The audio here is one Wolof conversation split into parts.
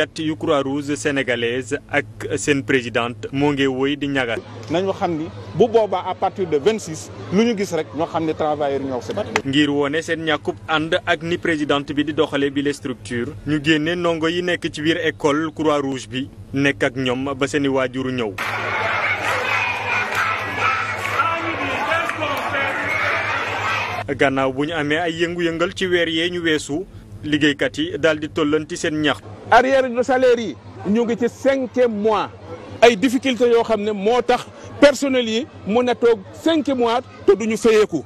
liggéeykat yu Croix-Rouge sénégalaise ak seen présidente moo ngi woy di ñagal nañu xam ni bu boobaa à partir de 26 lu ñu gis rek ñoo xam ne travailleurs ñoo si ngir wone seen ñàkkub ànd ak ni présidente bi di doxale bi les structure ñu génnee ndongo yi nekk ci biir école Croix-Rouge bi nekk ak ñoom ba seeni waajuru ñëw gannaaw bu liggéeykat yi daal di tollanti seen ñax. arrière de salaire yi ñu ngi ci cinquième mois ay difficulté yoo xam ne moo tax personnel yi mun a toog cinq mois te duñu fayeeku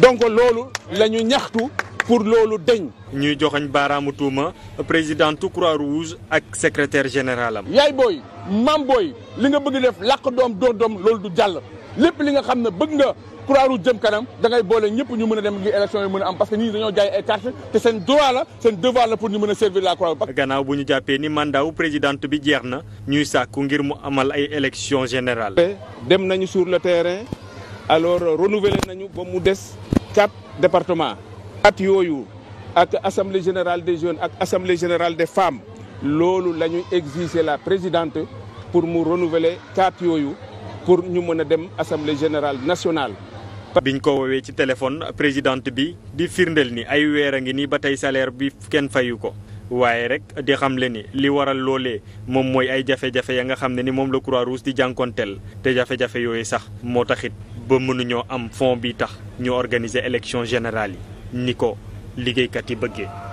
donc loolu la ñu ñaxtu pour loolu deñ ñuy joxañ baaraamu tuuma président Croix Rouge ak secrétaire général am. yaay booy maam booy li nga bëgg def làq doom dóor doom loolu du jàll. lépp li nga xam ne bëgg nga croix jëm kanam dangay boole ñëpp ñu mën a dem ngi élection yi mën a am parce que ñii dañoo jaay ay carte te seen droit la seen devoir la pour ñu mën a servir la Croix-Rouge gannaaw bu ñu jàppee ni mandat wu bi jeex na ñuy sàkku ngir mu amal ay élection générale dem nañu sur le terrain alors renouveler nañu ba mu des quatre départements at yooyu ak assemblée générale des jeunes ak assemblée générale des femmes loolu la ñuy exiger la présidente pour mu renouveler quatre yooyu pour ñu mën a dem assemblée générale nationale. ñu ko woowee ci téléphone présidente bi di firndeel ni ay weer a ngi nii ba tey salaire bi kenn fayu ko waaye rek di xamle ni li waral loolee moom mooy ay jafe-jafe ya nga xam ne ni moom la Croix-Rouge di jànkonteel te jafe-jafe yooyu sax moo taxit ba mënuñoo am fond bi tax ñu organiser élection générale yi ni ko liggéeykat yi bëggee.